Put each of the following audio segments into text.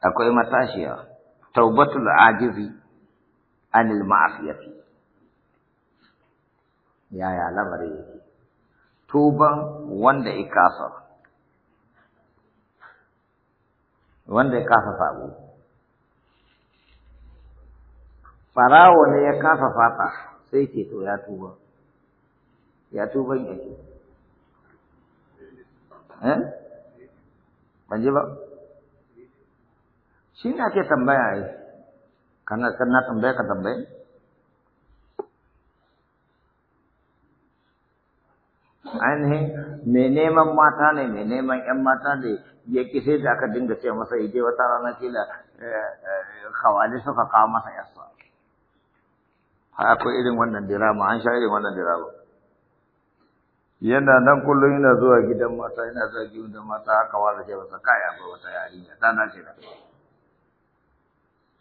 akwai matashiya taubatul ajizi anil ma'asiyati yaya lamari yake tuban wanda ya kasa wanda ya kasa sabo farawo ne ya kasa fata sai ce to ya tuba ya tuban yake eh ban ji ba shi ne ake tambaya ai kana kana tambaya ka tambaye ainihin mai neman mata ne mai neman yan mata ne ya ki da aka dinga ce masa ije wata rana kila eh, eh, kawali suka kawo masa yasa A akwai irin wannan dirama an sha irin wannan dirama yana nan kullum yana zuwa gidan mata yana zuwa gidan mata haka wanda ce masa kai akwai wata yarinya ta dace da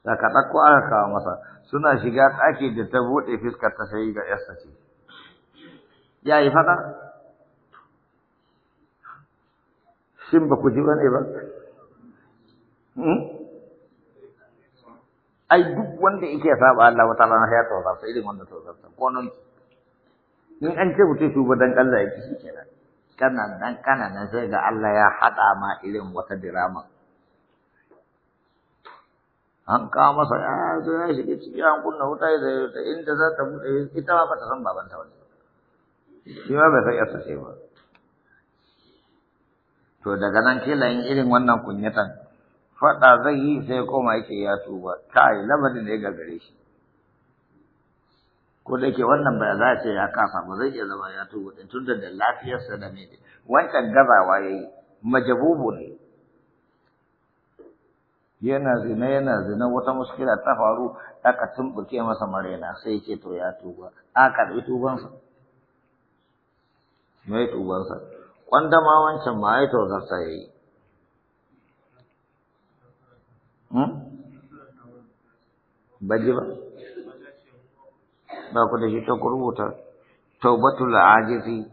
da ka ɗauko aka kawo masa suna shiga ɗaki da ta buɗe fiskar ta sai ga yarsa ce ya yi faɗa shin ba ku ji ba ne ba hmm? ai duk wanda yake saba Allah wata rana ya sai irin wanda tozarta ko nan in an ce mutum su dan Allah yake shi kenan kana nan kana nan sai ga Allah ya haɗa ma irin wata dirama an kawo masa ya zo ya shiga ciki an kunna wuta ya zai ta inda za ta buɗe ita ma ba ta san babanta wani shi ma bai san yarsa ce ba to daga nan kila in irin wannan kunyatan faɗa zai yi sai koma yake ya tuba kai lamarin da ya gagare shi ko da yake wannan ba za a ce ya kafa ba zai iya zama ya tuba din tunda da lafiyarsa da mai wancan gazawa ya yi majabubu ne yana zina yana zina wata muskila ta faru aka tumbuke masa marena sai ce to ya tuba a karbi sa mai kwanda ma wancan ma to zarta ya yi hmm? baje ba ba ku da shi ta rubuta taubatul ajizi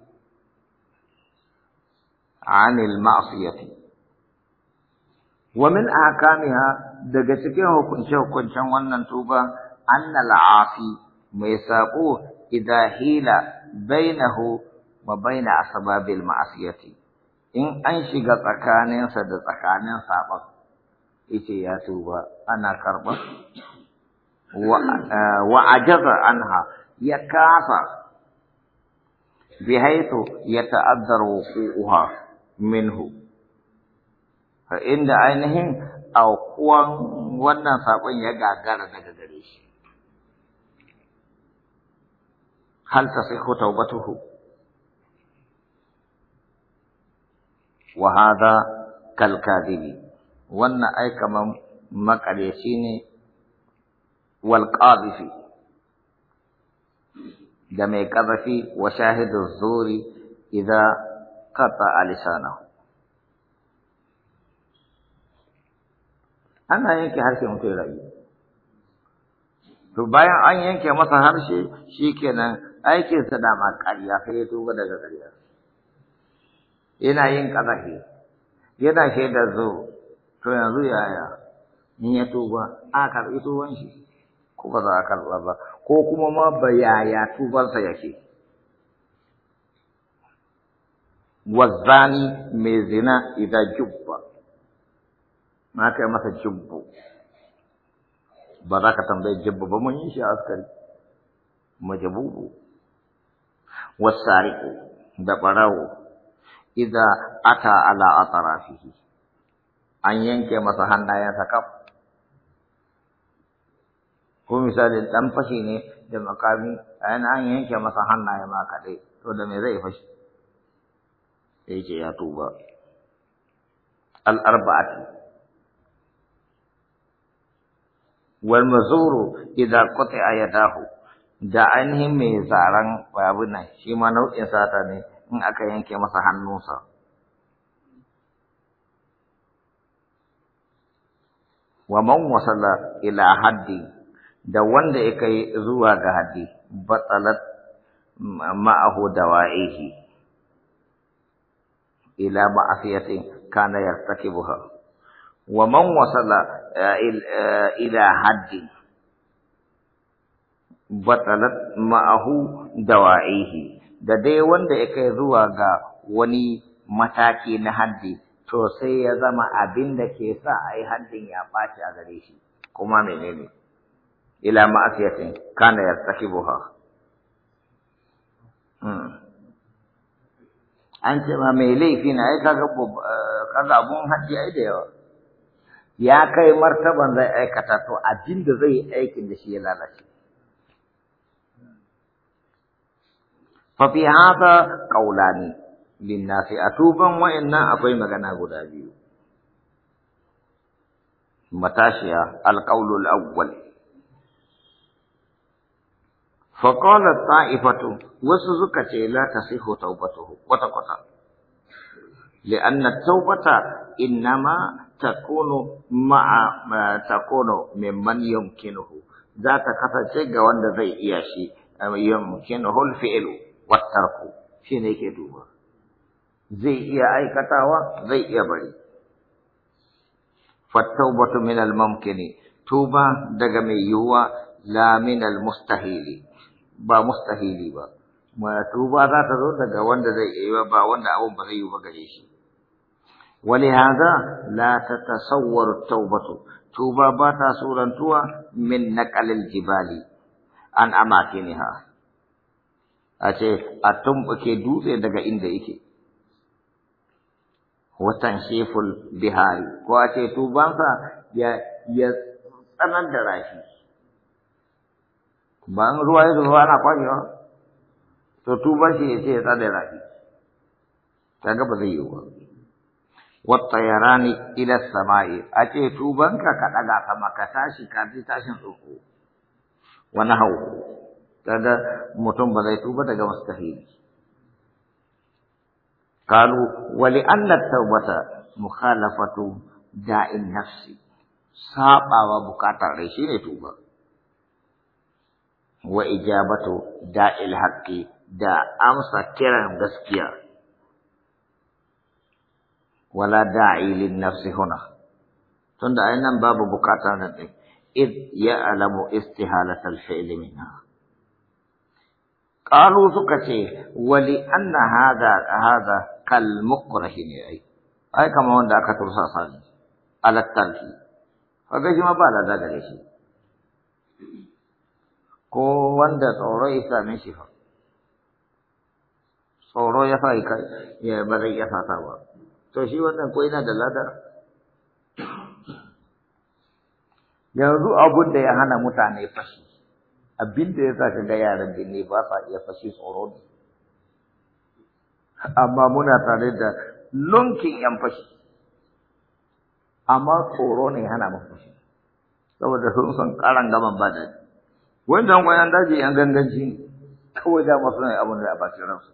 anil ma'siyati wa min ahkamiha daga cikin hukunce hukuncen wannan tuba annal afi mai sako idan hila bainahu wa baina asbabil ma'asiyati in an shiga tsakaninsa da tsakanin saɓon yace ya tuba ana karɓa eh, wa ajaza anha ya kafa bihaitu ya uha, minhu fa inda ainihin aukuwan wannan saƙon ya gagara daga gare shi. Hal ta sai ko taubatuhu. Wa hada kalkadibi, wannan ai kaman makaryaci ne wal qadifi da mai ƙazafi wa shahidu zuri idan qata lisanahu ana yanke harshe mutum ya rayu to bayan an yanke masa harshe shi shikenan aikinsa dama ƙarya sai ya tuba daga ƙarya yana yin ƙazafi yana shaida zo to yanzu yaya in ya tuba a karɓi tuban shi ko ba za a karɓa ba ko kuma ma ba yaya tubansa yake wazzani mai zina idan jubba na kai masa jibbo ba za ka tambayi jibbo ba mun yi shi a askari majabubu wasariku da barawo idza ata ala atrafihi an yanke masa hannayensa kaf ko misali dan fashi ne da makami an an yanke masa hannaye ma kadai to da me zai fashi sai ce ya tuba al arba'ati wal mazuru idza qati'a yadahu da ainihin mai zaran abin nan shi ma nau'in sata ne in aka yanke masa hannunsa wa man wasala ila haddi da wanda ya kai zuwa ga haddi batsalat ma'ahu dawa'ihi ila ma'asiyatin kana yartakibuha ومن وصل إلى حد بطلت معه دواعيه da dai wanda ya kai zuwa ga wani mataki na haddi to sai ya zama abin da ke sa a yi haddin ya ɓaci a gare shi kuma menene ila ma'asiyatin kana buha hmm. an ce ma mai laifi na ai kaga eh, kaga abun haddi ai da yawa ya kai martaban zai aikata to abin da zai yi aikin da shi ya lalace. Fafi haka ƙaulani linnasi a tuban wa'innan akwai magana guda biyu. Matashiya alƙaulul awwal. Faƙalar ta'ifatu wasu suka ce la ta siho taubatu kwata-kwata. لأن التوبة إنما تكون مع ما تكون ممن يمكنه ذات كفتة جوان زي إياشي يمكنه الفعل والترك شيني كدوبا زي إيا أي كتاوة زي إيا بري فالتوبة من الممكن توبة دقمي يوا لا من المستحيل با مستحيل با ما توبة ذات ذو دقوان زي إيا با وان أبو بغيو بغيشي ولهذا لا تتصور التوبة توبة باتا سورة من نقل الجبال عن أماكنها أتي أتم أكي دوزي دقا إند إكي وتنشيف البهاري وأتي توبة يا يا tsanan da rafi ban ruwa ya zuwa ana kwashewa to tubar shi ya ce ya tsada rafi ta gaba zai yi ba wattayarani ila samai a ce tubanka ka ɗaga ka tashi ka tashin tsoho. wani hau kaga mutum ba zai tuba daga mustahili kalu wali annat tawbata mukhalafatu da'in nafsi sabawa bukatar rai shine tuba wa ijabatu da'il haqqi da amsa kiran gaskiya ولا داعي للنفس هنا تند أين باب بقاتنا إذ يعلم استهالة الفعل منها قالوا سكتي ولأن هذا هذا كالمكره أي أي كما هون ذاك على التركي فبيجي ما بالا ذاك الشيء كو wanda tsoro ya شفا shi fa tsoro ya sa ya to shi wannan ko yana da lada yanzu abun da ya hana mutane fashi abin da ya sa ka ga yaran ne ba sa iya fashi tsoro amma muna tare da lunkin yan fashi amma tsoro ne hana mu fashi saboda sun san karan gaban ba daɗi wancan kwayan daji yan ganganci ne kawai dama suna abin da a bakin ransu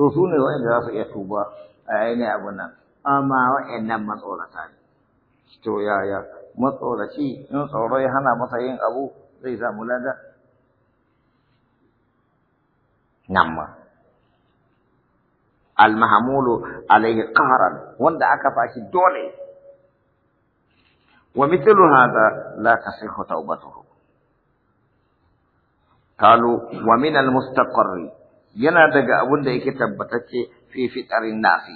to su ne wa'anda za su iya tuba a yayin abin nan amma wa'annan matsorata ne to yaya matsoraci in tsoro ya hana masa yin abu zai samu lada nan ma almahamulu alaihi qaran wanda aka fashi dole wa mithlu hadha la tasihhu tawbatuhu قالوا ومن المستقر yana daga abun da yake tabbatacce fi fitarin nasi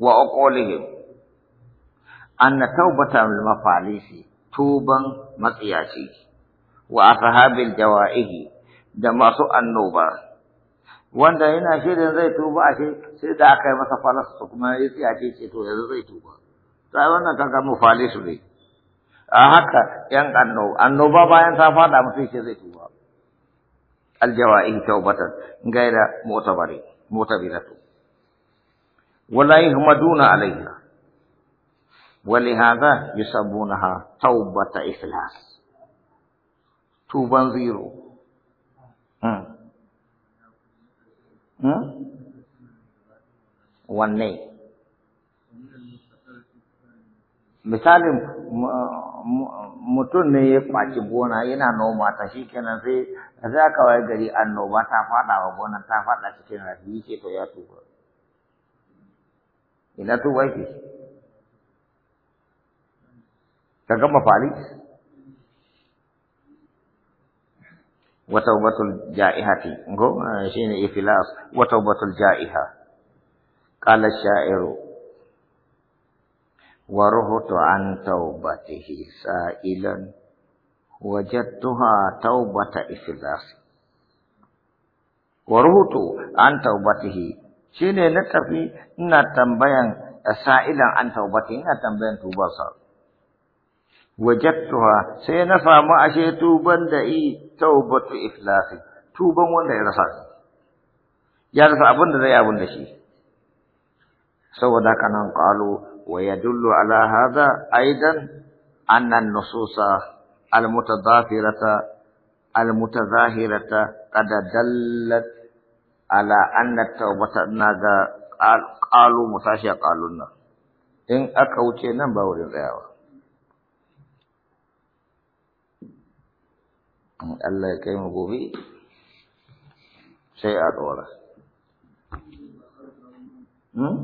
lil mafalisi tuban matsiyaci wa ashabil وأصحاب da masu annoba. wanda yana shirin zai tuba a sai da aka yi masa falasa kuma ya tsiyace ce to yanzu zai tuba sai wannan kaga mafalisu ne a haka yan annoba annoba bayan ta fada mutum ce zai tuba aljawa'i tawbatan gaira motabari motabiratu ولا يهمدون عليها ولهذا يسمونها توبة إفلاس توبا زيرو wanne misalin mutum ne ya kwaci gona yana noma ta shi kenan sai za ka wai gari annoba ta fada wa gonan ta fada cikin rafi yake to ya tuba ina tuba yake ka ga mafali wa tawbatul ja'ihati go shine iflas wa tawbatul ja'iha qala sha'iru wa ruhutu an tawbatihi sa'ilan wajadtuha tawbata iflas wa ruhutu an tawbatihi shi ne na tafi ina tambayan sa'idan an taubata ina tambayan tubarsa wajattuha sai na samu ashe tuban da i taubatu tuban wanda ya rasa ya rasa abin da zai abin da shi saboda kanan qalu wa yadullu ala hadha aidan anna an-nususa al-mutadafirata al-mutazahirata qad ala anna tawbata na ga qalu a ƙalun nan in aka wuce nan ba wurin tsayawa in Allah ya kai mu gobe sai a dora hmm?